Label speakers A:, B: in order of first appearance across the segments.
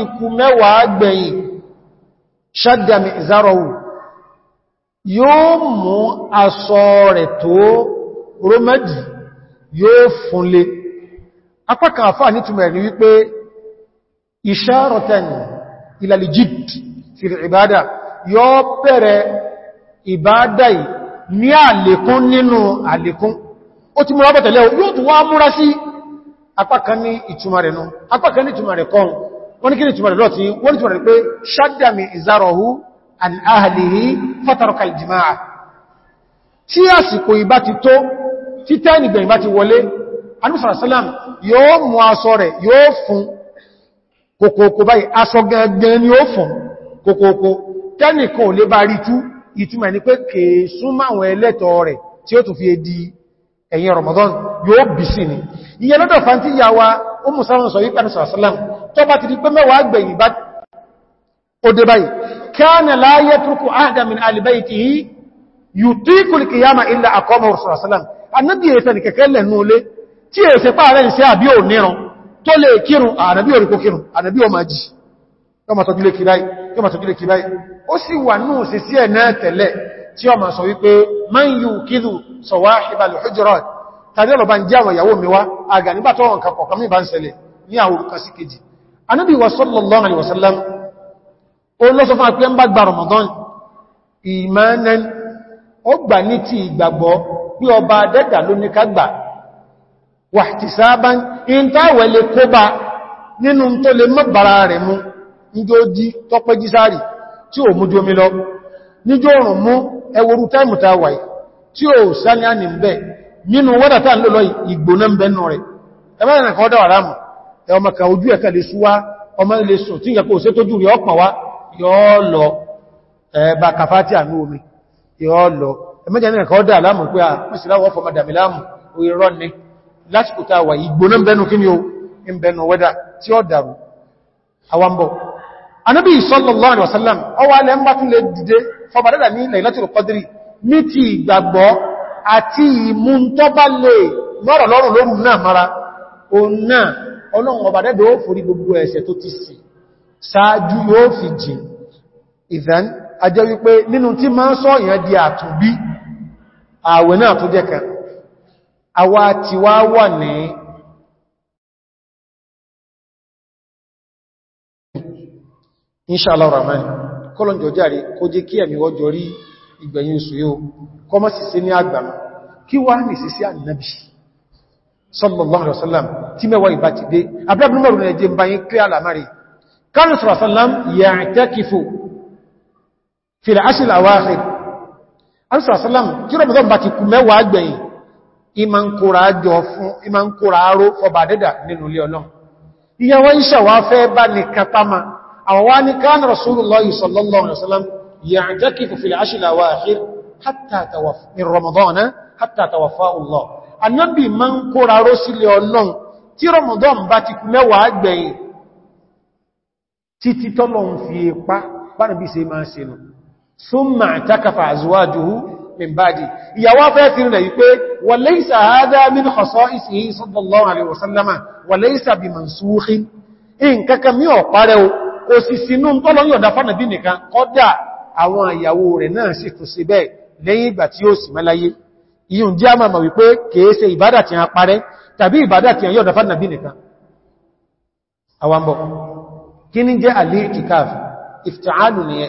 A: ikú mẹ́wàá gbẹ̀yìn ṣádàmì ìzárọ̀wù yóò mú aṣọ rẹ̀ tó rómẹ́dì yóò fúnlé apákan àfáà nítumẹ̀ ní wípé ìṣẹ́rọ̀tẹ̀n ìlàlìjìd ti ìbádà yóò bẹ̀rẹ̀ ìbádà ní àlékún nínú àlékún ó ti múra bẹ̀tẹ̀lẹ́ yóò tún wá múra sí apákan ní ìtumà rẹ̀ nù apákan ní ìtumà rẹ̀ kọ́hùn wọ́n ní kí ni túnmọ̀ lọ́tí wọ́n ní túnmọ̀ ní pé ṣádàmì ìzárọ̀hú an ahàlìrí fátàrọkà ìjìmáà tí àsìkò ìbá ti tó tí tẹ́ẹ̀nì gbẹ̀yìn bá ti wọlé anúsàrásálàm yóò mú aṣọ rẹ̀ yóò fún kòkòkò báyìí aṣọ gẹ́gẹ́ ni ó fún kòkòkò tẹ́ẹ̀nì kan ò lè bá rí tú ìtumọ̀ ní pé kèésúnmáwọn ẹlẹ́tọ̀ rẹ̀ Ramadan yóò bì sí ni ìyẹn lọ́dọ̀ fantíyàwó ó mú sáwọn tó bá ti di pé mẹ́wàá gbẹ̀yìn bá òdè báyìí kana la yatruku ahada min ali baytihi yutiku al-qiyama illa aqama rasulullah sallallahu alaihi wasallam tí ọmọ sọ wípé man yíò kídù sọwáhìbà lùhújúrọ̀ tàbí ọlọ̀bá ń jẹ́ àwọn ìyàwó mi wá àgà nígbàtọ̀ ọ̀nkà kọ̀ọ̀kan mí bá ń ṣẹlẹ̀ ní àwọn orúkà sí kejì anábí wasallallahu alaihi wasallam o lọ sọ fún àpẹ́ ń bá gba Ramadan ìmánan ó gbà ní ti ìgbàgbọ́ bí ọba dẹ́dà ló ní ká gbà wahtisaban in táwẹ̀ lè kó bá nínú tó lè mọ́bàrá rẹ̀ mú níjó jí tọ́pẹ́ jísáàrì tí ò mú jómi lọ níjó òrùn mú ẹwọrú táìmù táwàì tí ò sáníà ní ń nínú wọ́dà lọ́lọ́ ìgbóná ọmọ kan ojú ẹ̀kà lè súwá ọmọ ilé sùn tí ìyàkó òsé tó dúrí ọpọ̀ wá yóò lọ ẹ̀bà kàfàtí àmì omi yóò lọ ẹmẹ́jẹ̀ ní ẹ̀kọ́ dà láàmù pé a mọ́síláwọ́ fọmọ dàmì láàmù òyìnrọ́ ni lásìkò tá wà sallallahu alaihi wasallam ọwà alẹ́ ń bá tún lè dìde fọmọdẹ́dà ní Lailatul Qadri ní ti ìgbàgbọ́ àti ìmúntọ́bálẹ̀ mọ́rọ̀ lọ́rùn lórùn náà mara òun náà ọlọ́run ọba dẹ́dọ̀ ó forí gbogbo ẹ̀ṣẹ̀ tó ti sì ṣáájú yóò fi jìn ìdán ajẹ́ wípé nínú tí máa ń sọ ìyàn
B: di àtúnbí ààwẹ̀ náà tó jẹ́ kan àwa ti wá wà ní inṣàlá ramani kọlọ̀njọ járe kó jẹ́ kí ẹ̀mí wá
A: ní sí sí ànìyàn bìí sallallahu alaihi wasallam tí mẹ́wàá ìbá ti dé abúrúmọ̀rún ní ẹjẹ́ báyí kí alamari kánù sallallahu ya'takifu fil ashr al-awakhir sallallahu tí rọ̀bọ̀dọ̀ bá ti kú mẹ́wàá gbẹ̀yìn ìmá ń kóra aró ọba dẹ́dà nínú ilé ọlọ́ ìyàwó iṣẹ́ wá fẹ́ bá ní katama àwọn wá ní kánù rasulullahi sallallahu alaihi wasallam ya'takifu fil ashr al-awakhir hatta tawafa min ramadana hatta anábì ma ń kóra ró sílẹ̀ ọlọ́n tí Ramadan bá ti kú mẹ́wàá gbẹ̀yìn títí tọ́lọ̀ ń fi ipá bánàbí se máa se nù summa takafa azwajuhu min ba'di ìyàwó fẹ́ fi rìnlẹ̀ wípé wa laysa àwọn ìyàwó rẹ̀ náà sì tún sí bẹ́ẹ̀ lẹ́yìn ìgbà tí ó sì mẹ́láyé yíò jẹ́ ama wípé kèése ìbádà ti a parẹ́ tàbí ìbádà ti a yọ́ dafà nàbí nìkan àwambọ̀ kí ní jẹ́ al ìfìtàánù ni ẹ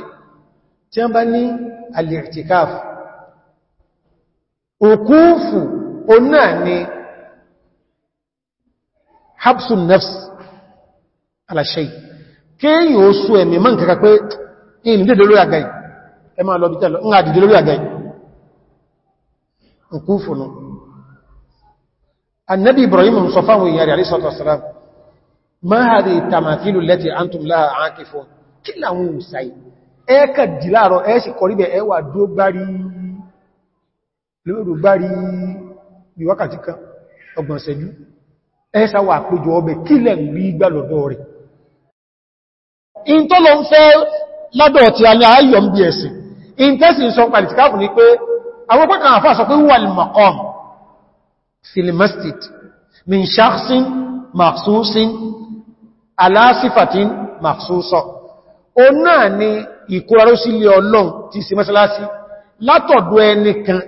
A: tí a bá ní al
B: òkúfù oná ni hapsun nefs
A: alashe kéyìn ó sú ẹ̀mì mọ́ nkẹ́kẹ́ pé ìyìn dídé nkúfùnù annabi ibrahim musafa wọn yari alisatu wasalam ma hadhihi tamathilu lati antum laha aakifun kí láwọn òsàí ẹ́ẹ̀kà dì láàrọ̀ ẹ́ sì kọ̀ ríbẹ̀ ẹwà do gbárí bí wákàtí kan ọgbọ̀n ń fẹ́ lọ́dọ̀ ti alẹ́ ayọ̀ ń bí ẹ̀sìn ń sọ ní pé àwọn pẹ́kà àfá sọ pé wal maqam fil masjid min shakhsin makhsusin ala sifatin makhsusa o náà ni ìkúraró sí ilé ọlọ́n ti sí mẹ́sàlásí látọ̀dọ̀ ẹni kan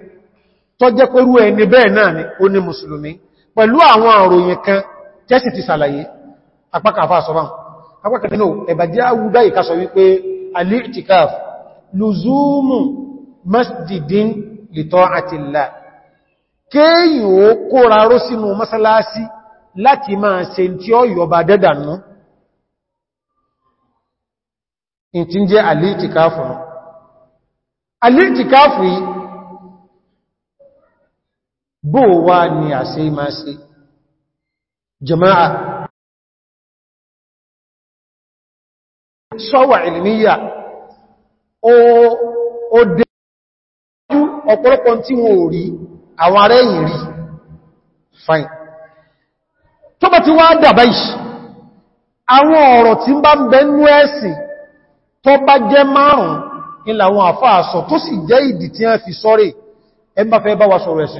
A: tó jẹ́ pẹ̀lú ẹni bẹ́ẹ̀ náà ni ó ní mùsùlùmí pẹ̀lú àwọn àròyìn kan tẹ́sì ti sàlàyé apákà masjidin lita'atillah kéyìn ó kóra ró sínú mọ́sálásí láti máa ṣe tí ó yọba dẹ́dànú in ti jẹ́ alìtìkáfù
B: alìtìkáfù yìí bó wá ní àṣẹ máa ṣe jama'a sọ́wà ilmiya ó dé ọ̀pọ̀lọpọ̀ tí wọ́n ò rí àwọn ará ẹ̀yìn rí fine
A: tó bá ti wá dàbá ìṣì àwọn ọ̀rọ̀ tí ń bá ń bẹnú ẹ̀sìn tó bá jẹ́ márùn-ún ìlàwọn àfáàsọ tó sì jẹ́ ìdí tí wọ́n fi sọ́rẹ̀ ẹ bá fẹ́ bá wa sọ̀rọ̀ sọ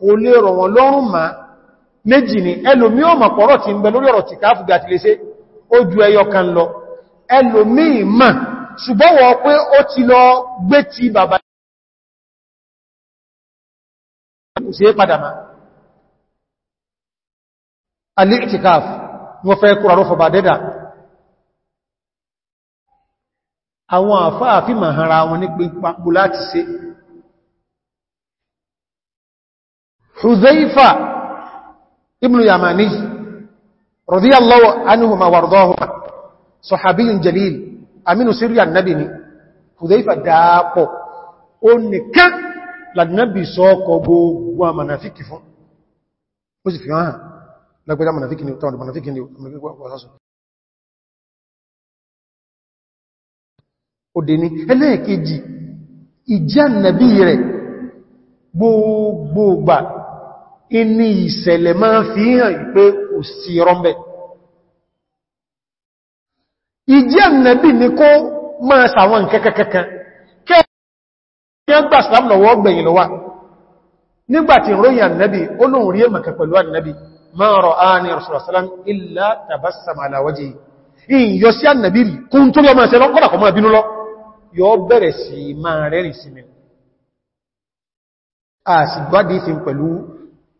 A: kò lè rọ̀ wọn lọ́rùn ma méjì ni ẹlòmí ọmọ pọ̀rọ̀ ti ń bẹ lórí ọ̀rọ̀ ti káàfù gàtí lè ṣe ó ju ẹyọ kan
B: lọ ẹlòmí ma ṣùgbọ́wọ́ pé ó ti lọ gbé ti bàbá ṣe padà ma alì ma hara wọn ní pípapù láti ṣe حذيفة ابن يماني رضي الله عنهما وارضاهما
A: صحابي جليل أمين سريا النبي حذيفة داقو ونكا لنبي سوكو بو ومنافك فون
B: وزي في معها لقد منافك نيو تاون منافك نيو واساسو òdèní ẹlẹ́ẹ̀kejì ìjẹ́ ànàbí rẹ̀ gbogbogbà inú ìṣẹ̀lẹ̀ máa fi hàn
A: pé kò sí rọ́mbẹ̀.
B: ìjẹ́ ànàbí ni kó máa sàwọn kẹ́kẹ́kẹ́kẹ́ kẹ́
A: ìyá gbà sàám lọ́wọ́ gbẹ̀yìn lọ́wà nígbàtí ròyìn ma ra'ani rasulullah sallam illa tabassama ala wajhi ìyọ sí ànàbí rí kún tó lọ́mọ ẹsẹ̀ lọ́kọ́lá kọ́ máa bínú lọ yọ bẹ̀rẹ̀ sí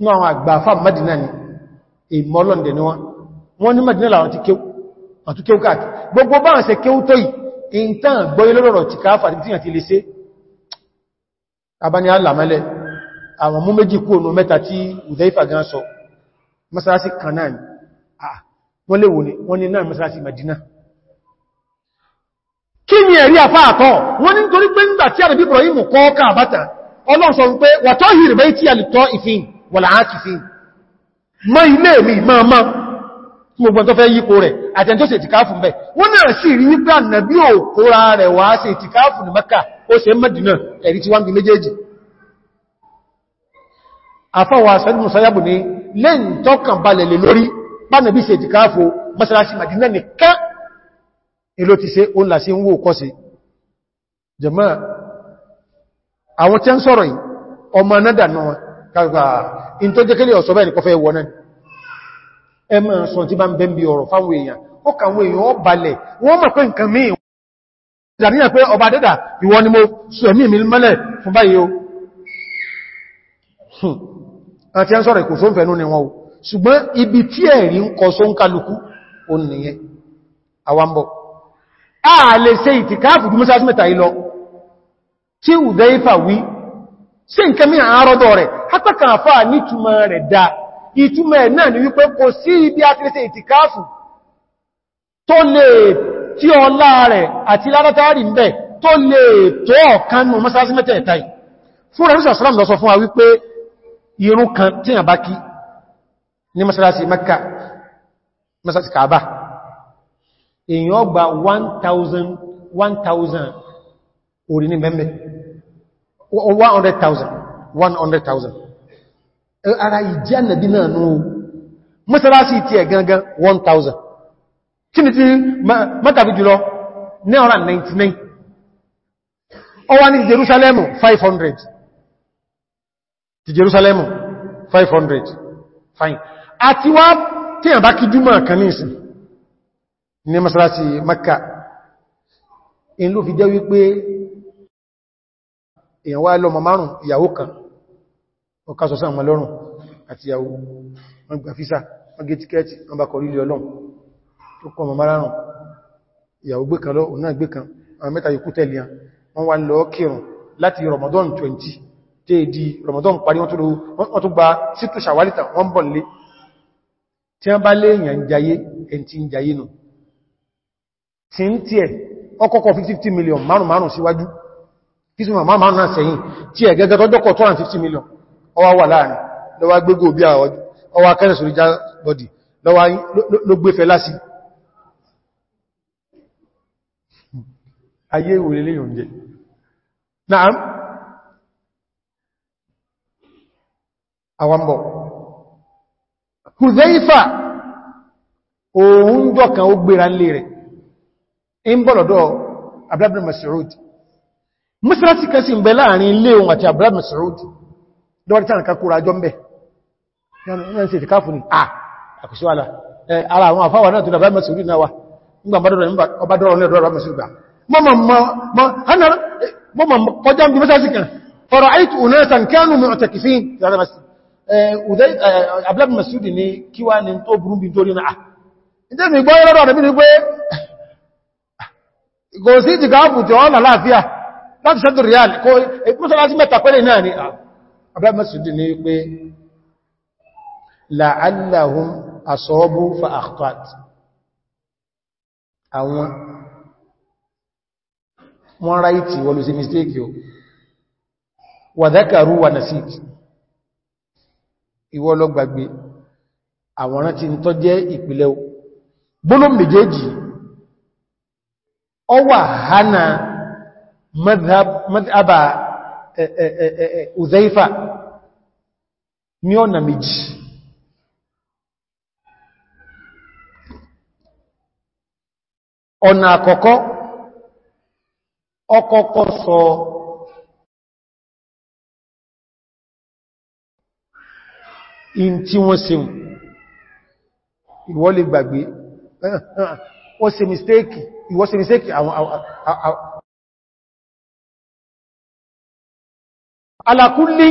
A: ní àwọn àgbàfà Madina ni ìmọ́lọ́ndẹ̀ ni wọ́n wọ́n ní Madina làwọn ti kéwú káàkì gbogbo bá ń ṣe kéwú tó yìí ìntàn gbọ́yí lọ́rọ̀ ti káàfà tí yàn ti lè ṣe abáni alàmẹ́lẹ̀ àwọn mú méjì kú mẹ́ta tí Udhaifa gan sọ Madina ah, kí ni ẹ̀rí àfá àtọ́ wọ́n ní nítorí pé nígbà tí àrẹ̀bí Ibrahim kọ́ káàbátà wàláàkìfín mọ́ ilé mi máa máa tí gbogbo tó fẹ́ yípo rẹ̀ àtẹn tó ṣe ìtìkáfù mẹ́ wọ́n náà sì rí wípé ànàbí ò kóra rẹ̀ wá ṣe ìtìkáfù ní Mẹ́kà ó ṣe Mẹ́dínà ẹ̀rí tí wọ́n bí méjèèjì afọ́wà sẹ́dùn sáyàbù ní lẹ́yìn tọ́kàn balẹ̀ lè lórí pánàbí ṣe ìtìkáfù mọ́sálásí Mẹ́dínà nìkan ìlò ti ṣe ó làṣí ń wó kọ́sí jẹ́mọ́ àwọn tẹ́ ń sọ̀rọ̀ yìí ọmọ náà dànà kàgbà in tó jẹ́kẹ́lẹ̀ ọ̀sọ̀ bẹ́ẹ̀ nìkọ́fẹ́ wọ́n náà ẹ ma sọ tí bá ń bẹ́m̀bí ọ̀rọ̀ fáwọn èèyàn ó kàwọn èèyàn ó balẹ̀ wọ́n mọ̀ pé nǹkan míì ìdàníyàn pé ọba ni mo sọ ẹ̀mí mi ṣùgbọ́n ibi tí ẹ̀rí ń kọ só ń kálukú ó nìyẹn àwambọ̀ a lè ṣe ìtìkáàfù bí mọ́sásí mẹ́ta ìlọ tí ùdẹ́ ìfà wí sí nkẹ́ mí àárọ́dọ̀ rẹ̀ hátàkà àfà ní túnmọ̀ rẹ̀ dá ìtumọ̀ ẹ̀ náà ni wípé kò sí ibi àtìrẹsẹ̀ ìtìkáàfù tó lè tí ọlá rẹ̀ àti lárátàrí ń bẹ tó lè tó ọ̀kanú mọ́sálásí mẹ́tẹ̀ẹ̀ta fún rẹ̀ sàrán lọ sọ fún wa wípé irun kan tí a bá kí ní mọ́sálásí Mẹ́kà mọ́sálásí Kàábà èèyàn gba 1000 orí ní mẹ́mẹ́ 100,000 100,000 ara ìjẹ́ ànàbí náà ní o mọ́sálásí ti ẹ̀ gangan 1,000 kí ni ti mọ́tàbí jùlọ 999 ọwá ní Jerúsálẹ́mù 500 ti Jerúsálẹ́mù 500 fine àti wá tí àbá kí júmọ̀ kan ní ìsìn ní mọ́sálásí Makka in ló fi jẹ́ wípé èyàn wá lọ́mọ márùn ìyàwó kan ọ̀ká sọ sáàmà lọ́rùn àti ìyàwó wọn gbà físà wọn gé tíkẹ́ẹ̀tì wọn bá kọrí ilé ọlọ́run tó kọ ọmọ márùn ìyàwó gbé kan lọ náà gbé kan àwọn mẹ́ta yòókù tẹ̀lé wọn wá lọ kírun láti Ramadan 20 tẹ́ Ramadan parí wọ́n tó gba sítò sàwálítà wọ́n bọ̀ lé tí wọ́n bá léèyàn jayé ẹn ti ń ẹ̀ ọkọ̀kọ̀ 50 million márùn-ún síwájú si kìí ma máa náà sẹ́yìn tí ẹ̀ gẹ́gẹ́ tọ́jọ́kọ̀ 250 million ọwá wà láàrin lọ́wà gbogbo bí ọwá kẹ́rẹ̀ sórí já bọ́dì lọ́wà ló gbé lásì
B: ayé ìwòlélé oúnjẹ náà àwambọ̀ Huzaifa òun jọ kan ó gbéra lè rẹ̀
A: mọ́sílásí kẹsì ń bẹ láàrin ilé ohun àti Abdullah Mas'ud lọ́wọ́dí tánà kakúrò àjọ ń bẹ̀ yánà ṣe ìtìkáfù ní ah, àkùsíwàlá ara àwọn àfáwà náà tó Abdullah Mas'ud náà wà nígbà ọbádọ́rọ̀ ní Abdullah Mas'ud gbà mọ́mọ̀ kọjá ń bí mọ́sílásí kan fara'aytu unasan kanu mu'takifin Abdullah Mas'ud ní kí wá ní tó burú bí torí náà ìtẹ́sì ah, gbọ́ ìrọ́rọ̀ rẹ̀ bí ní pé kò sí láti ṣẹ́dù ríàlì kó mọ́sánásí mẹ́ta pẹ́lẹ̀ náà ni àbẹ́mọ́sùdì ah, ní pé la'allahum asọ́ọ́bù fa akhtat àwọn wọ́n ráìtì wọlú sí mistake yóò wà dákàrú wà nà síìtì ìwọ àwọ̀rán ti ń tọ́ jẹ́ ìpìlẹ̀ ọwà hánà مذهب مذهب أذيفة
B: ní ọ̀nà méjì ọ̀nà àkọ́kọ́ ọkọ̀ọ̀kọ́ sọ in tí wọ́n gbàgbé mistake mistake alákúlé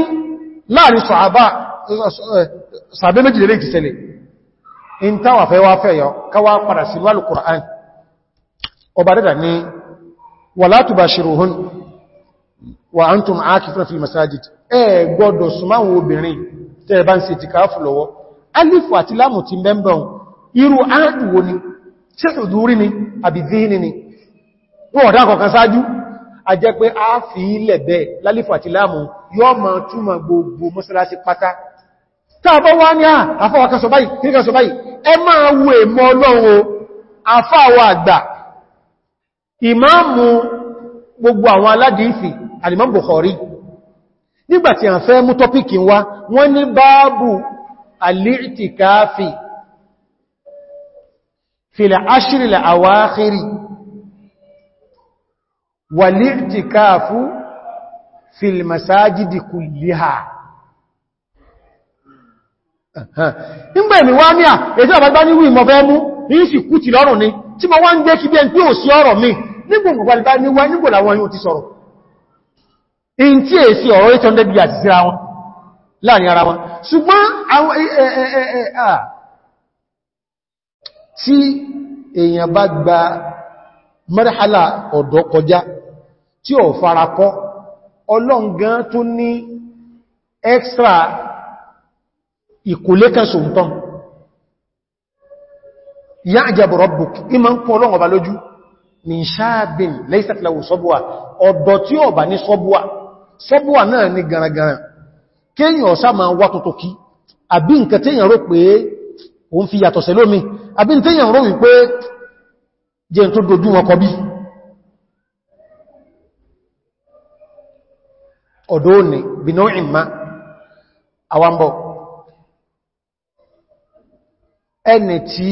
B: láàrin sọ̀hábà eh, sàbẹ́ méjìlélé ti ṣẹlẹ̀
A: in táwà fẹ́ wá fẹ́ yọ káwà padà sí lálù Kùránì ọba dẹ́dà ní wala tubashiruhun wa antum aakifuna fil masajid ẹ gbọ́dọ̀ súnmáwọn obìnrin tẹ́ bá ń ṣe ìtìkáfù lọ́wọ́ alifu àti láàmù ti mẹ́mbọ̀n irú áàdùwò ni ṣe ìdúrí a jẹ́ pé a fi ilẹ̀ bẹ́ lálífà àti láàmù yóò ma túnmà gbogbo mọ́sálásí pátá káàbọ̀ wá ní àfáwàkásọ báyìí kíríkásọ báyìí ẹ máa wo èmọ́ ọlọ́run àfáwà àgbà ìmáàmù gbogbo àwọn aládìífì Al-Imam Bukhari nígbàtí à ń fẹ́ wàlìrìtìkáàfú fìlìmàsájìdì kùlìhà nígbà èmì wá ní à ètò àbágbá ní wíìmọ̀ fẹ́ mú ní sì kú ti lọ́rùn ni tí ma wá ń gbé kí bí ẹn pé ò sí ọ̀rọ̀ mi nígbò Tí èèyàn bá gba mẹ́rẹ́hálà ọ̀dọ́ kọjá tí ó farakọ́ ọlọ́ngán tó ní extra ìkòlékẹ́ sòntán ya ajabu rabbuk ima ń kọ́ ọlọ́run ọba lójú min shaabin laysat sọ́bùwà ọ̀dọ̀ tí ó bà ní sọ́bùwà sọ́bùwà náà ni garangaran kéyàn ọ̀sá ma wá tuntun kí àbí nǹkan téyàn rò pé
B: òun fi yàtọ̀ sẹ́lómi àbí téyàn rò wípé jẹ́ tó dojú wọn kọ bí
A: ọ̀dọ́ọ̀nì bìnú ìmá àwambọ̀
B: ẹni tí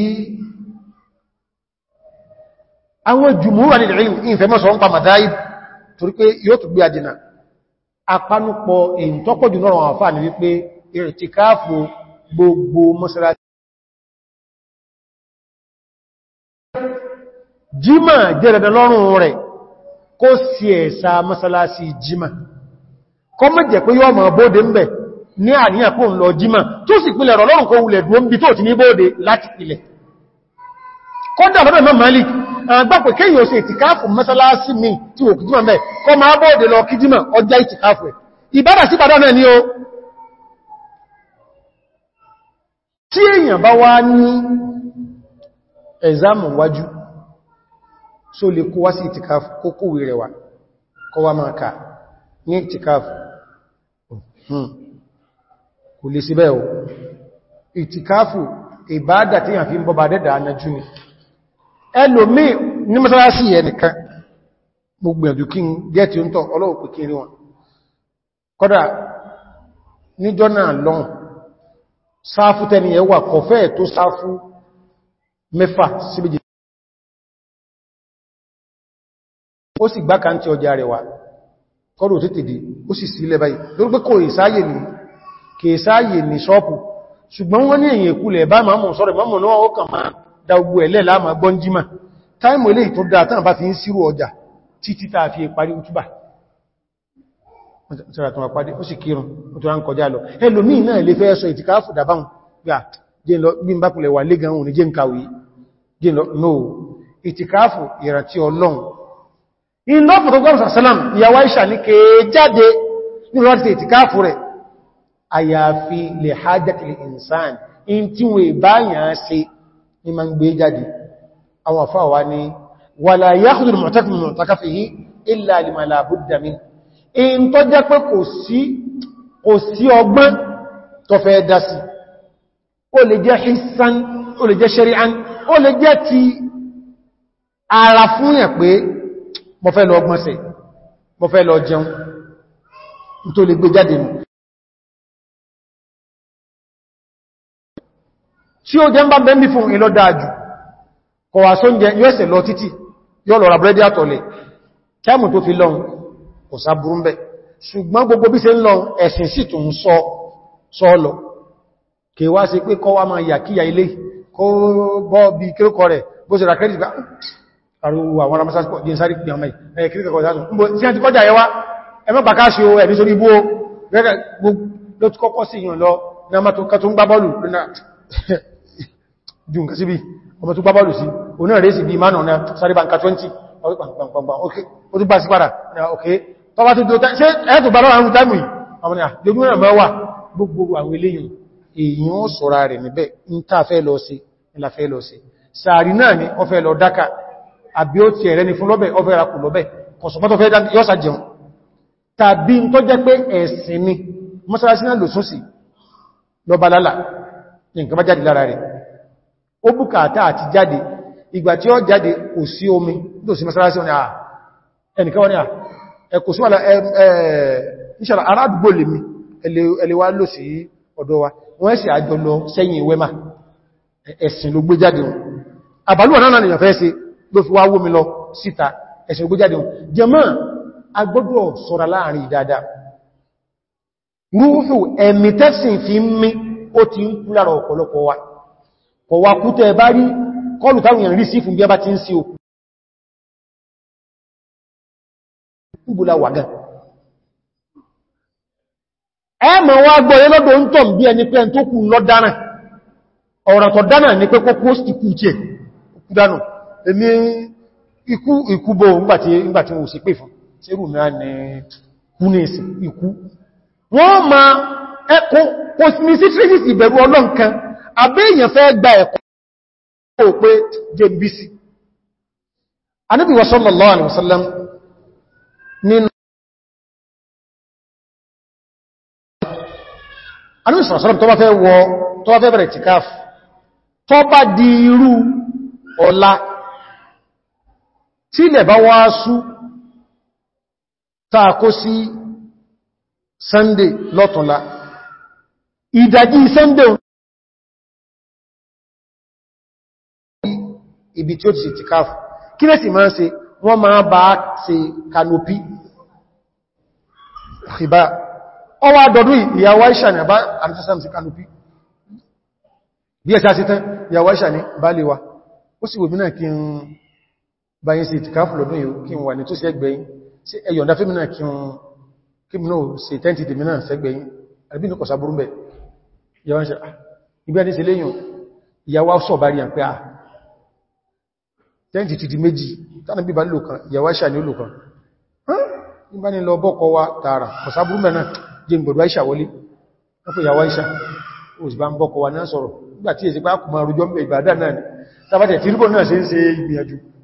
B: àwọn
A: jùmúrù àti ìrìn ìfẹ́mọ́sọ̀ ń pa madáyì torí pé yóò tó gbé àdínà apanúpọ̀
B: ìntọ́pọ̀jù náà jẹ́ lọ́rùn rẹ̀ kó sí ẹ̀sà
A: kọmọ̀ jẹ́ pé yọ́ mọ̀ bóde ń bẹ̀ ní àníyàn kó ń lọ jímọ̀ tó sì pínlẹ̀ rọ̀lọ́rùn kó wulẹ̀ dúó ń bí tó ti ní bóde láti ilẹ̀ kọ́dà lọ́dọ̀ mọ́ Malik àgbàpẹ̀ kéyìn ò kìjímọ̀ kọ máa bóde ìtìkáàfù ẹ̀ ni ó kọwa maka Hmm. kò lè síbẹ̀ o ìtìkáfù ìbádà tí yàn fi ń bọ́bá dẹ́dà anájú ni ẹlòmí ní mọ́sálásí ẹnìkan gbogbo kí n gẹ́ tí ó ń tọ́ ọlọ́wọ́ pè kí rí wọn
B: kọ́dà níjọ́ náà lọ́n sáfú tẹni kọfẹ́ tó sáfú mẹ́fà síbìjì ó sì gbákàntí ọjà rẹ̀ kọ́rù títì dì ó sì sílẹ̀
A: báyìí lórí pé kò ìsáyè ní kèsáyè ní ṣọ́pù ṣùgbọ́n wọ́n ní èyàn ìkúlẹ̀ bá máa mọ̀ sọ́rọ̀ mọ́mọ̀ náà ó kàn máa da ogun ẹ̀lẹ́ láàmà gbọ́njímà táìmù ilé ìtò dáa tán bá fi ń sírò ọjà títí ta fi parí útúbà ó sì kírun ó no ìtìkáfù ìrántí ọlọ́run iná pọ̀tọ̀gọ́rùn sàṣẹ́lám ìyàwó Àìṣà ní kéèjáde ní wọ́n ti ìtìkáàfù rẹ̀ àyàfi lè hajjátìlì ìnsàn in tí wọ́n báyàn ṣe ní ma ń gbé jáde àwọn afáwà ni wà láyáhùdùn mọ̀tàkàfihì illa lima la budda min in tó jẹ́ pé kò sí ọgbọ́n
B: pé mo fẹ́ lọ ọgbọ́nsẹ̀ mo fẹ́ lọ jẹun tó lè gbé jáde nù tí ó jẹ́ ń bá bẹ́m̀bí fún ìlọ́dáàjù kọ̀wà sóúnjẹ yóò ẹ̀sẹ̀ lọ títì yóò
A: lọ ra búrẹ́dì àtọ̀lẹ̀ kẹ́mù tó fi lọ kò sá burú ń bẹ̀ ṣùgbọ́n gbogbo bí ṣe ń lọ ẹ̀sìn sì tún sọ sọ lọ kèwàá sí pé kọ́wàá máa yà kíyà ilé kó bọ́ bí kírókọ rẹ̀ bó ṣe ra kẹ́dì ariwo àwọn ramasasi pọ̀ jínsárì pè ọmọ ẹ̀ kìrìkà kọjá tó gbogbo tí a ti kọjá ẹwà ẹmọ́ pàká ṣe o ẹ̀mí sórí ibú ló ti kọ́kọ́ sí ìyàn lọ ní ọmọ tó kàtún gbá bọ́ọ̀lù lónà jù nǹkan síbi ọmọ tó gbá bọ́ọ̀lù sí oní ẹ̀rẹ́ sí bí mánà náà sáré banka 20 ó tún bá sí padà ọkẹ́ tọ́wá tó dọ́ta ṣe ẹ́tù bá lọ́wọ́ táìmù yìí àwọn ìdójú náà mẹ́wà gbogbo àwọn eléyìn èyàn ó sọ̀rọ̀ rẹ̀ níbẹ̀ ń tà fẹ́ lọ sí ìlàfẹ́ lọ àbí ó ti ẹ̀rẹ́ ni fún lọ́bẹ̀ ọfẹ́ rakù lọ́bẹ̀ kọ̀sọ̀pọ̀tọ̀ fẹ́ yọ́sà jẹun tàbí tó jẹ́ pé ẹ̀sìn ni mọ́sálásí náà lò sósì lọ́ba lálà nǹkan bá jáde lára rẹ̀ ó bùkátà àti jáde ìgbà tí ó jáde kò sí omi tó sí mọ́sálásí wọn ẹnìkan wọn ni à ẹkù sí wàlá ìṣàlá arádùgbò lè mi ẹlẹ́wà sí ló fi wá wó mi lọ síta ẹ̀sẹ̀ ògbójáde wọn jẹmọ́ agbọ́dọ̀ sọ́ra láàrin ìdáadáa rúrù ẹ̀mì tẹ́sìn fi ń mí ó ti ń kú lára ọ̀pọ̀lọpọ̀ wa
B: kọ̀wà kú tẹ́ rí kọlù táwọn rí sí fún bí bá ti ń sí òkú
A: èmi ikú ìkúbò ńgbàtí mo sì pè fún sírù náà ni kú ní ikú wọ́n ma ẹkùn cosmicitrisis ìbẹ̀rù ọlọ́nkan abẹ́yàn
B: fẹ́ gba ẹ̀kọ́ ó pé jẹ́bísì Ànábì sallallahu alaihi wasallam nínú Ànábì sallallahu tó bá fẹ́ wọ tó di irú ọ̀la tí ilẹ̀ bá wá sú tààkó sí Sunday lọ́tọ̀lá ìdajì Sunday ibi tí ó ti ti káàfù kí lẹ́ sì máa ń ṣe wọ́n máa bá ṣe kanopi ìbá
A: ọwọ́ àdọ̀dún ìyàwó Aisha ní àbá àmìsàsàm sí kanopi bí ẹ̀sẹ̀ àti tán ìyàwó Aisha ní bá lè wa ó sì wòmínà kí n báyìí sí ìtìkáfù lọ́dún yìí kí n wà ní tó sẹ́gbẹ̀yìn sí ẹ̀yọ̀ndá fíìmìnà kí mínú sí tẹ́ntì dìmínà sẹ́gbẹ̀yìn àbínú kọ̀sá burú mẹ́ yàwó ṣe ah, ibi àti sílẹ́yìn ìyàwó sọ̀bárí àpẹ́ à ah, tẹ́ntì ti di méjì tánà bíbá lòkan ìyàwó ṣà ní olùkan nígbà ní lọ bọ́kọ̀ wa tààrà kọ̀sá burú mẹ́ náà jẹ́ tí èsì pá àrùjọ́ ìgbàdà náà ni tàbátẹ̀ tí rígbò náà ṣe ń ṣe ìgbìyànjú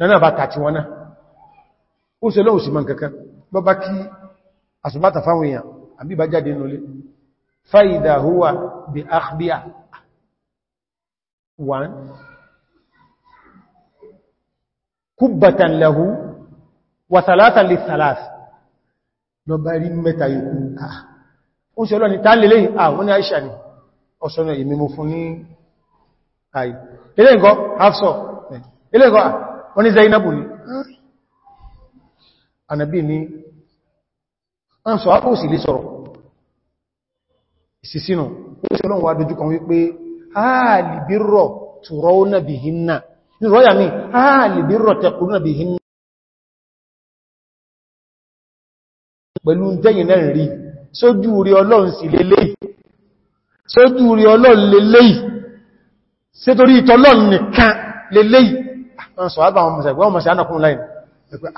A: lọ́nà bá tàti wọn náà ó se lọ́wọ́ sí mọ́ kankan bọ́ bá kí àsùbátà fáwọn èèyàn àbí bá jáde nulé fàídà húwà bí àkbíà wọ́n kúbbatan lahu wà sàlátà lè sàlátà lọ bá rí mẹ́ta ikú ó se lọ́ni tá lélé àwọn ní àìṣà ni ọ̀sọ̀nà ìmìmò fún ní àì ilé nǹkan hafsọ ilé nǹkan wọ́n ní Zainabu ni Ànábì ni an sọ ápò sí lè sọ̀rọ̀ ìsìsínú ó sì lọ́wọ́ adójú kan wípé ààlìbírọ̀
B: tùrọ nàbì hinna ní rọ́yà mi ààlìbírọ̀ tẹkù nàbì hinna pẹ̀lú jẹ́yìn náà rí sójú rí ọlọ́run sí lélẹ́yìí sójú rí ọlọ́run lélẹ́yìí sétorí ìtọ́lọ́run àwọn sọ̀hábà wọn mọ̀sẹ̀ wọ́n mọ̀sẹ̀ ánàkún láì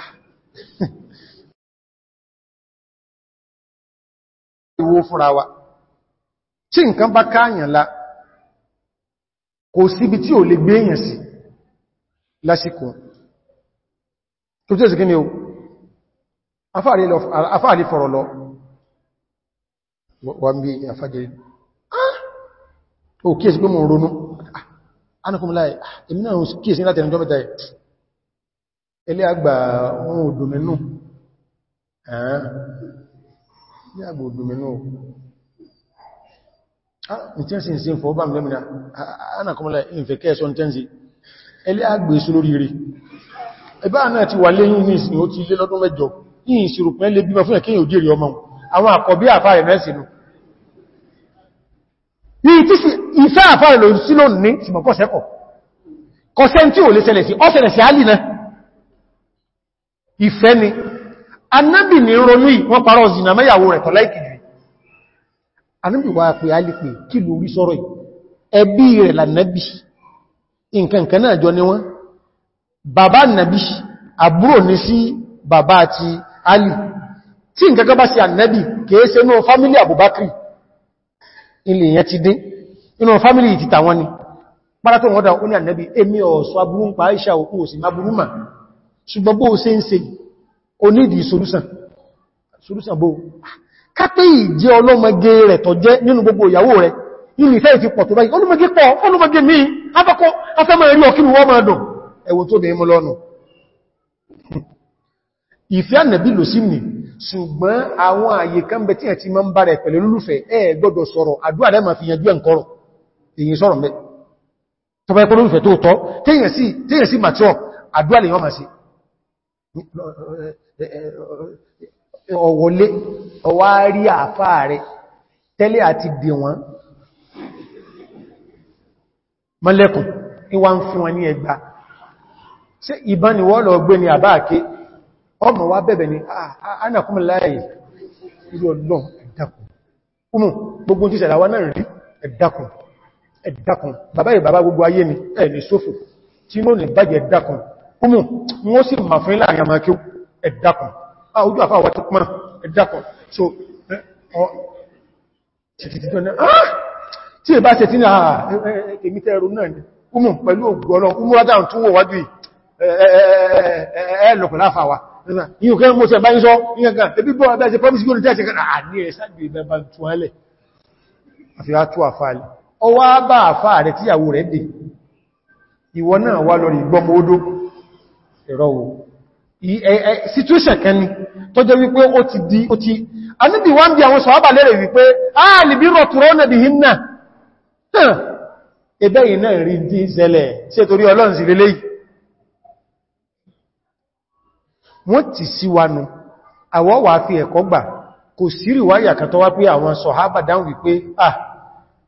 B: ah. ìwò fúnra wa tí nǹkan bá káàyàn la kò
A: síbi tí ò lè gbé èyàn sí lásìkò tó tí ó sì kí ni o afáàrí fọ̀rọ̀ lọ wọ́n bí afájẹ́ ah! ó kí èsì pé mọ̀ ronú anakunmọ̀láì ah, èmi náà kíèsí láti ẹ̀rìnjọ́ mẹ́ta ẹ̀ ilé àgbà ohun òdòmínú ilé àgbà òdòmínú ah, intensi n sin fọ́bá mi lẹ́mìnà ah, anakunmọ̀láì ìfẹ̀kẹ́ ẹ̀sọ́ intensi ilé àgbà èsù lórí rí ẹbá náà ti wà lẹ́yìn ní ìsìn ó ti lé lọ́dún mẹ́jọ ní ìfẹ́ àfáà lò sí lónìí ní ṣùgbọ́n kọ́sẹ́kọ̀ kọ́sẹ́ tí ò lè ṣẹlẹ̀ sí ọ́sẹ̀lẹ̀ sí alì náà ìfẹ́ ni anábì ní ronú ì wọ́n parọ́ zìnà mẹ́yàwó rẹ̀ tọ́lá ìkìjì anábì wá pé alì pé kí ló rí sọ́rọ̀ ẹbí rẹ̀ lànàbì nǹkankan náà jọ ni wọ́n bàbá nàbì àbúrò ní sí bàbá àti alì tí nǹkankan bá sí ànàbì kèése náà fámílì àbúbákì ilẹ̀ yẹn ti dín inú fámílì ti tàwọn ni pàdá tó wọ́n dá ó ní ànẹ́bí èmi ọ̀sọ́ aburú ń pa Àìṣà òkú òsì má burú mà ṣùgbọ́n bó ṣe ń ṣe o nídi bó kápé ìjẹ́ ọlọ́mọgé rẹ̀ tọ́ jẹ́ nínú gbogbo ìyàwó rẹ̀ yi ìfẹ́ ìfi pọ̀ tó báyìí olómọgé pọ̀ olómọgé mi afẹ́kọ́ afẹ́mọ̀ ẹ̀rí ọkí èyí sọ́rọ̀ mẹ́ tọba ẹkọ́ lórí fẹ̀ tó tọ́ tíyẹ̀ sí mature àdúrà lè yọ́mà sí ọ̀wọ̀lé ọwá rí àfá rẹ̀ tẹ́lẹ̀ àti dì wọ́n mọ́lẹ́kùn ìwà ń fún wọn ní ẹgbà ṣe ìbọn ni wọ́n lọ gbé ni àbáàké ọmọ wa bẹ̀bẹ̀ ni ánàkúnmọ̀láyè ah, ah, irú ọlọ́ ẹ̀dàkùn gbogbo tí ṣẹ̀dàwà náà rí ẹ̀dàkùn ẹ̀dàkùn bàbá ìbàbá gbogbo ayé ni ẹ̀lì sófò tí ló lè bàjẹ́ ẹ̀dàkùn kúmù wọ́n sì máa fún láàrin àmà kí ẹ̀dàkùn ojú àfáwà tó pọ́n ẹ̀dàkùn so tí ìbá ṣe tí ní ààrẹ tẹ́rù náà ni kúmù pẹ̀lú ògbọ́n àfi àtúwà fàálì ọwá bá àfá rẹ̀ tíyàwó rẹ̀ dì ìwọ náà wá lórí ìgbọmọ odó ìrọwò situation kẹni tó jẹ́ wípé ó ti di ó ti a níbi wá ń bí àwọn sọ̀hábà lẹ́rẹ̀ wípé a lè bí rọ̀tùrọ̀ nẹ̀bì himna ẹbẹ́ iná rí dí zẹlẹ̀ sí torí ọlọ́run sí ah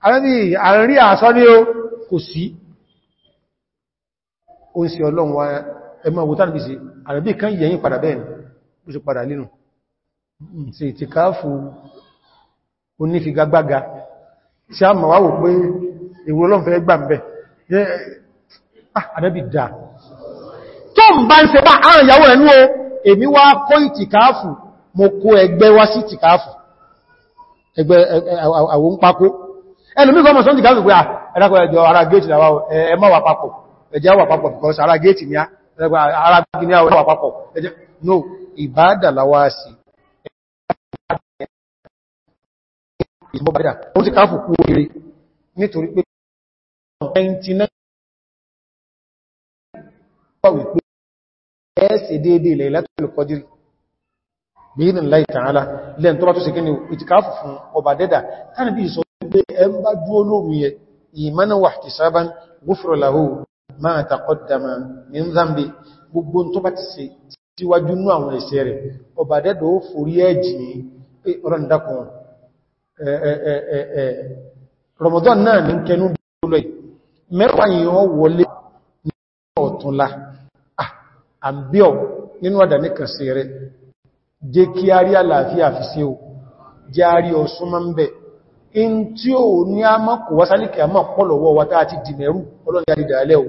A: àrẹ́bí àrí àṣọ́ ní ó kò sí ó ń se ọlọ́run wa ẹmọ òwútà níbi sí àrẹ́bí kan yẹ̀yìn padà bẹ́ẹ̀ ni ó sì padà nínú sí hmm, ti káàfù onífigagbága tí a mọ̀ wáwò pé ìwò ọlọ́run fẹ́ gbà mẹ́ ah, àrẹ́bí dà
B: tó ń bá ń se bá àwọn ìyàwó
A: èmi wá kọ́ ìtìkáàfù mo kó ẹgbẹ́ wá sí ìtìkáàfù ẹgbẹ́ àwọn pákó ẹlùmí gọmọ̀ sọ́njì gáàsù pé ẹ̀dàkọ̀ ẹjọ ara gẹ́ẹ̀tì ẹmọ́ wà papọ̀ ẹjẹ́ wà papọ̀ because ara gẹ́ẹ̀tì ni ara gẹ́ẹ̀tì ni wà papọ̀
B: no ìbádà láwáàsì bí ìdínláì tààlà lẹ́n tó bá tó ṣe kí ni ìtìkáfù fún
A: ọba dẹ́dà tánàbí ìsọ pé ẹ ń bá dúó lóru yẹ ìmánà wà ti sábán gúfúrò láhó máa tàkọ́dàmà ní ń zambi gbogbo tó bá ti ṣe síwájú ní àwọn ẹ̀ṣẹ̀ rẹ̀ ọba dẹ́dọ̀ ó forí ẹ̀jì ní kí a rí àlàáfíà fi sí o jẹ́ a rí ọ̀sún máa ń bẹ̀ẹ́ in tí ó ní a mọ́ kò wá sálìkì a mọ́ pọ̀lọ̀wọ́ wa tá ti dìmẹ̀rú ọlọ́rin àrídà alẹ́ o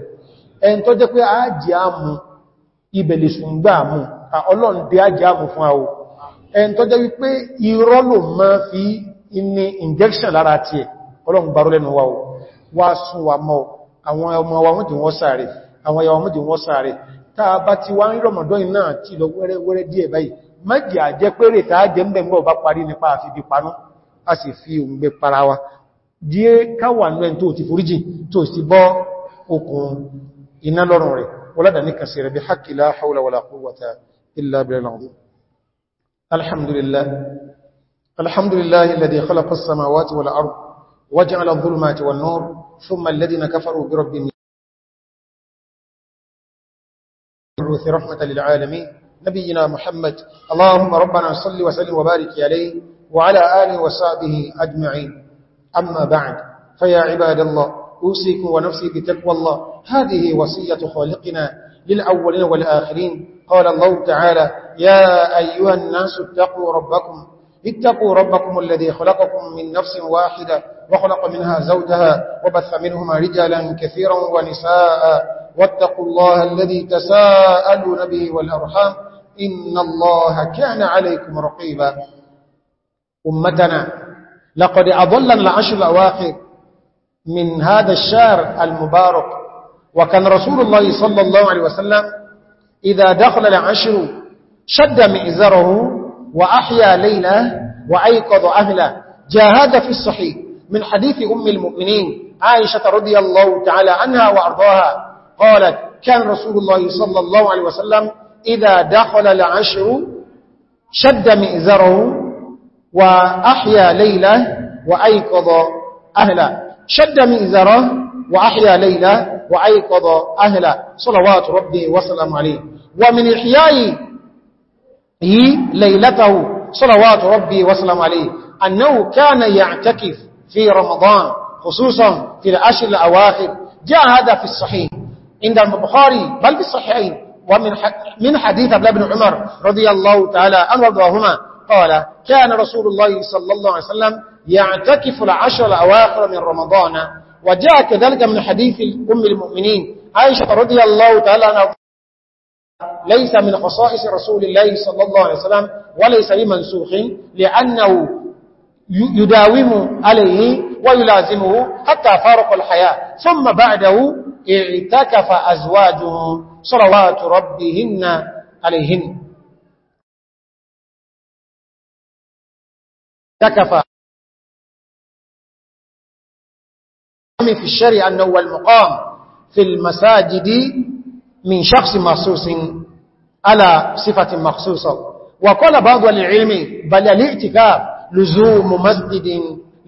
A: ẹn tó jẹ́ pé a jẹ́ àmú ibẹ̀lẹ̀ ṣùgbà mú ọlọ́rin dẹ́ a jẹ́ àmú fún injection lára ti ẹ̀ ọlọ́rin gbáró lẹ́nu wa o wá sún wa mọ́ àwọn ọmọ wa wọ́n jù wọ́n sáré àwọn ẹyà ọmọdé wọ́n sáré táa bá ti wá ń rọmọdọ́ bá parí nípa àfi panú a sì fi òǹgbẹ para wa díẹ̀ káwà ní ẹni tó ti foríjì tó sì bọ́ okùn iná lọ́rùn rẹ̀ wọ́ládà ní kàsì rẹ̀ bí haqqi la hawla wala quwwata illa billahil azim alhamdulillah alhamdulillah alladhi
B: khalaqa as-samawati wal ard waja'ala adh-dhulumati wan nur thumma alladhina kafaru bi rabbihim رحمة للعالمين نبينا محمد اللهم ربنا صلي وسلم وبارك عليه وعلى آله وصحبه
A: أجمعين أما بعد فيا عباد الله أوسيكم ونفسي بتقوى الله هذه وصية خالقنا للأولين والآخرين قال الله تعالى يا أيها الناس اتقوا ربكم اتقوا ربكم الذي خلقكم من نفس واحدة وخلق منها زوجها وبث منهما رجالا كثيرا ونساء واتقوا الله الذي تساءلون به والأرحام إن الله كان عليكم رقيبا أمتنا لقد أضلنا العشر الأواخر من هذا الشهر المبارك وكان رسول الله صلى الله عليه وسلم إذا دخل العشر شد مئزره وأحيا ليله وأيقظ أهله جاهد في الصحيح من حديث أم المؤمنين عائشة رضي الله تعالى عنها وأرضاها قالت كان رسول الله صلى الله عليه وسلم إذا دخل العشر شد مئزره وأحيا ليلة وأيقظ أهلا شد مئزره وأحيا ليلة وأيقظ أهلا صلوات ربي وسلم عليه ومن إحيائه ليلته صلوات ربي وسلم عليه أنه كان يعتكف في رمضان خصوصا في العشر الأواخر جاء هذا في الصحيح عند البخاري بل في الصحيحين ومن من حديث أبلا بن عمر رضي الله تعالى أن رضاهما قال كان رسول الله صلى الله عليه وسلم يعتكف العشر الأواخر من رمضان وجاء كذلك من حديث أم المؤمنين عائشة رضي الله تعالى ليس من خصائص رسول الله صلى الله عليه وسلم وليس بمنسوخ لأنه يداوم عليه ويلازمه حتى فارق الحياة ثم بعده
B: اعتكف أزواجه صلوات ربهن عليهن تكفى في الشرع أنه المقام في المساجد من شخص مخصوص على
A: صفة مخصوصة وقال بعض العلم بل الاعتكاف لزوم مسجد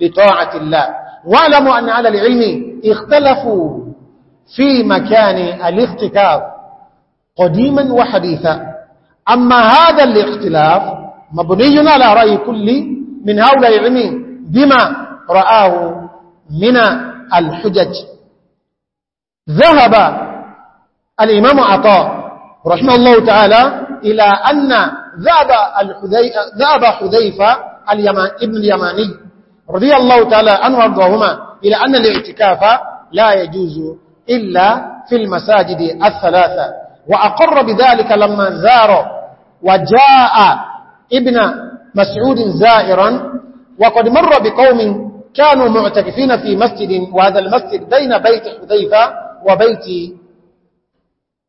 A: لطاعة الله واعلموا أن على العلم اختلفوا في مكان الاختكاف قديما وحديثا أما هذا الاختلاف مبني على رأي كل من هؤلاء العلمين بما رآه من الحجج ذهب الإمام عطاء رحمه الله تعالى إلى أن ذهب, ذهب حذيفة اليمان ابن اليماني رضي الله تعالى عنه وارضاهما إلى أن الاعتكاف لا يجوز إلا في المساجد الثلاثة وأقر بذلك لما زار وجاء ابن مسعود زائرا وقد مر بقوم كانوا معتكفين في مسجد وهذا المسجد بين بيت حذيفة وبيت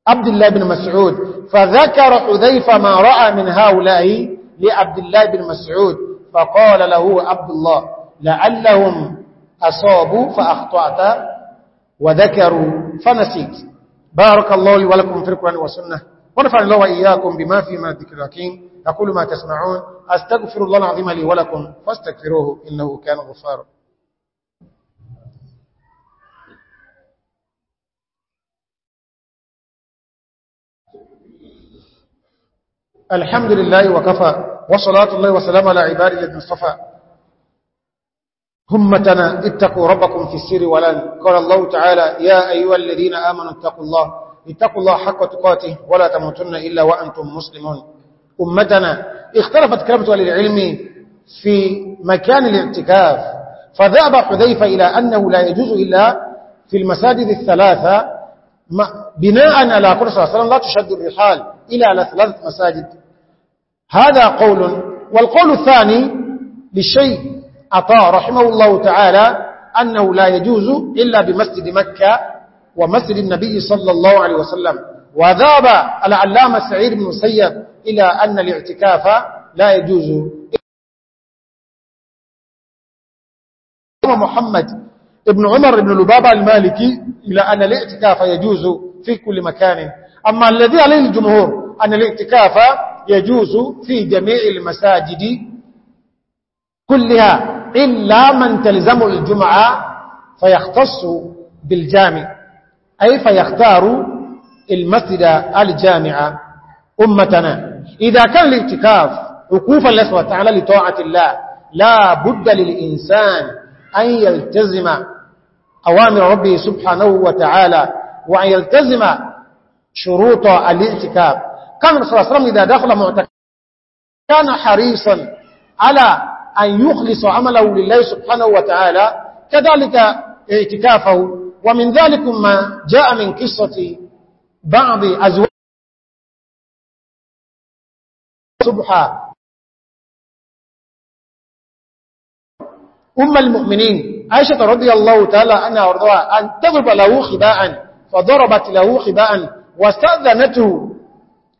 A: عبد الله بن مسعود فذكر حذيفة ما رأى من هؤلاء لعبد الله بن مسعود فقال له عبد الله لعلهم أصابوا فأخطأت وذكروا فنسيت بارك الله لي ولكم في القرآن والسنة ونفعل الله وإياكم بما فيما ذكر الحكيم أقول ما تسمعون أستغفر الله العظيم لي ولكم فاستغفروه إنه
B: كان غفارا الحمد لله وكفى وصلاة الله وسلام على عبادة الذين اصطفى
A: همتنا اتقوا ربكم في السر ولن قال الله تعالى يا أيها الذين آمنوا اتقوا الله اتقوا الله حق تقاته ولا تموتن إلا وأنتم مسلمون أمتنا اختلفت كلمة للعلم في مكان الاعتكاف فذهب حذيفة إلى أنه لا يجوز إلا في المساجد الثلاثة بناء على قول صلى الله عليه وسلم لا تشد الرحال إلى ثلاثة مساجد هذا قول والقول الثاني للشيء أطاع رحمه الله تعالى أنه لا يجوز إلا بمسجد مكة
B: ومسجد النبي صلى الله عليه وسلم وذاب العلامة سعيد بن مسيب إلى أن الاعتكاف لا يجوز محمد ابن عمر بن لبابة المالكي إلى أن
A: الاعتكاف يجوز في كل مكان أما الذي عليه الجمهور أن الاعتكاف يجوز في جميع المساجد كلها إلا من تلزم الجمعة فيختص بالجامع أي فيختار المسجد الجامع أمتنا إذا كان الاعتكاف وقوفا لسوى وتعالى لطاعة الله لا بد للإنسان أن يلتزم أوامر ربه سبحانه وتعالى وأن يلتزم شروط الاعتكاف كان صلى الله عليه وسلم إذا دخل معتكف كان حريصا على أن يخلص عمله لله
B: سبحانه وتعالى كذلك اعتكافه ومن ذلك ما جاء من قصة بعض أزواج الصبح أم المؤمنين عائشة رضي الله تعالى عنها وارضاها أن تضرب له خباء
A: فضربت له خباء واستأذنته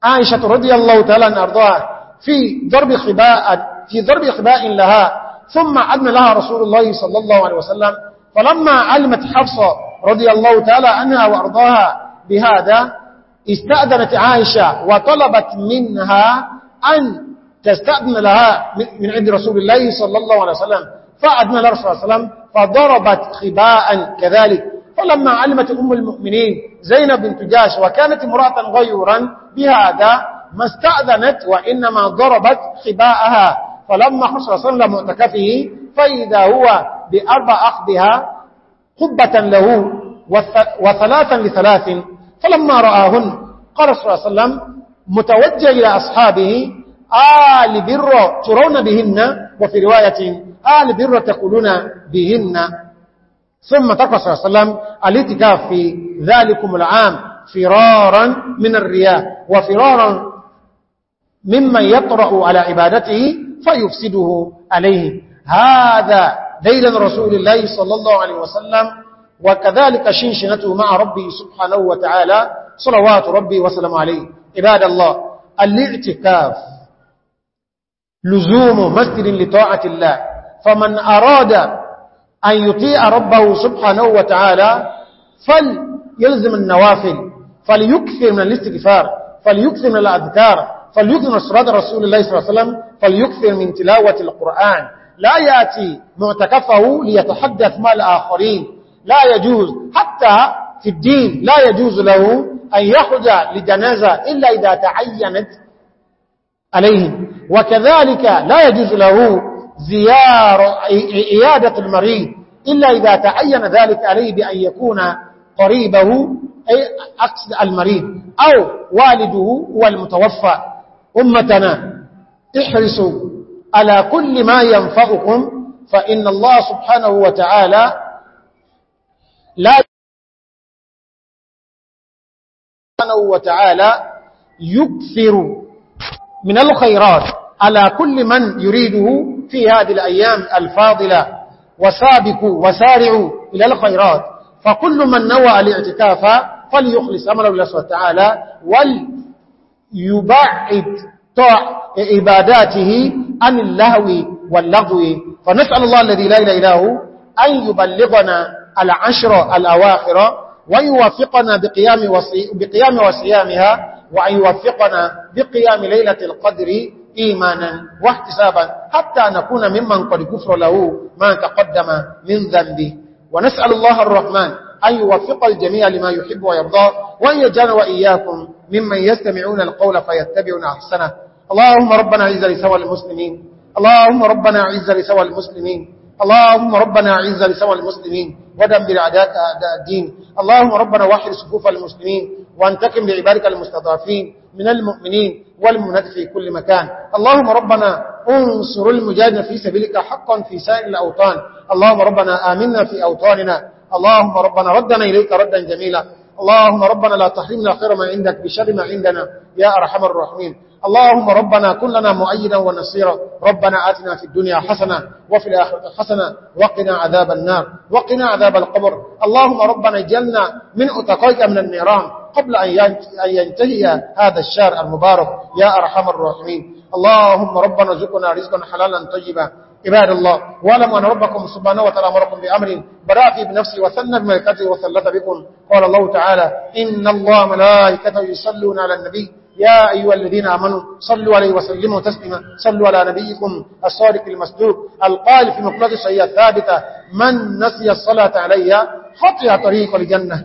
A: عائشة رضي الله تعالى عنها وارضاها في ضرب خباء في ضرب خباء لها ثم أذن لها رسول الله صلى الله عليه وسلم فلما علمت حفصة رضي الله تعالى عنها وارضاها بهذا استأذنت عائشة وطلبت منها أن تستأذن لها من عند رسول الله صلى الله عليه وسلم فأذن لها رسول الله صلى الله عليه وسلم فضربت خباء كذلك فلما علمت أم المؤمنين زينب بنت جاش وكانت امرأة غيورا بهذا ما استأذنت وإنما ضربت خباءها فلما حصل صلى الله معتكفه فإذا هو بأربع أخذها قبة له وثلاثا لثلاث فلما رآهن قال صلى الله عليه وسلم متوجه إلى أصحابه آل بر ترون بهن وفي رواية آل بر تقولون بهن ثم تقوى صلى الله عليه وسلم الاتكاف في ذلكم العام فرارا من الرياء وفرارا ممن يطرأ على عبادته فيفسده عليه هذا ليلا رسول الله صلى الله عليه وسلم وكذلك شنشنته مع ربه سبحانه وتعالى صلوات ربي وسلم عليه عباد الله الاعتكاف لزوم مسجد لطاعة الله فمن أراد أن يطيع ربه سبحانه وتعالى فليلزم النوافل فليكثر من الاستغفار فليكثر من الأذكار فليكثر من صلاة رسول الله صلى الله عليه وسلم فليكثر من تلاوة القرآن لا يأتي معتكفه ليتحدث مع الآخرين لا يجوز حتى في الدين لا يجوز له أن يخرج لجنازة إلا إذا تعينت عليه وكذلك لا يجوز له زيارة إيادة المريض إلا إذا تعين ذلك عليه بأن يكون قريبه أي أقصد المريض أو والده هو المتوفى
B: أمتنا احرصوا على كل ما ينفعكم فإن الله سبحانه وتعالى لا سبحانه وتعالى يكثر
A: من الخيرات على كل من يريده في هذه الأيام الفاضلة وسابق وسارع إلى الخيرات فكل من نوى الاعتكاف فليخلص أمره الله سبحانه وتعالى وليبعد عباداته عن اللهو واللغو فنسأل الله الذي لا إله إله أن يبلغنا العشر الأواخر ويوافقنا بقيام, وصي... بقيام وصيامها وأن يوفقنا بقيام ليلة القدر إيمانا واحتسابا حتى نكون ممن قد كفر له ما تقدم من ذنبه ونسأل الله الرحمن أن يوفق الجميع لما يحب ويرضى وأن يجعل وإياكم ممن يستمعون القول فيتبعون أحسنه اللهم ربنا عز لسوى المسلمين اللهم ربنا عز لسوى المسلمين اللهم ربنا عز لسوى المسلمين ودمر عداء الدين اللهم ربنا وحر صفوف المسلمين وانتقم لعبادك المستضعفين من المؤمنين والمنات في كل مكان اللهم ربنا انصر المجاهدين في سبيلك حقا في سائر الأوطان اللهم ربنا آمنا في أوطاننا اللهم ربنا ردنا إليك ردا جميلا اللهم ربنا لا تحرمنا خير ما عندك بشر ما عندنا يا أرحم الراحمين اللهم ربنا كلنا مؤيدا ونصيرا ربنا آتنا في الدنيا حسنة وفي الآخرة حسنة وقنا عذاب النار وقنا عذاب القبر اللهم ربنا جلنا من أتقيك من النيران قبل أن ينتهي هذا الشارع المبارك يا أرحم الراحمين اللهم ربنا زقنا رزقا حلالا طيبا عباد الله واعلموا أن ربكم سبحانه وتعالى أمركم بأمر بدأ في بنفسي وثنى بملكته وثلث بكم قال الله تعالى إن الله ملائكة يصلون على النبي يا أيها الذين آمنوا صلوا عليه وسلموا تسلم صلوا على نبيكم الصادق المسدوق القائل في مقلة الشيئة الثابتة من نسي الصلاة عليها خطئ طريق الجنة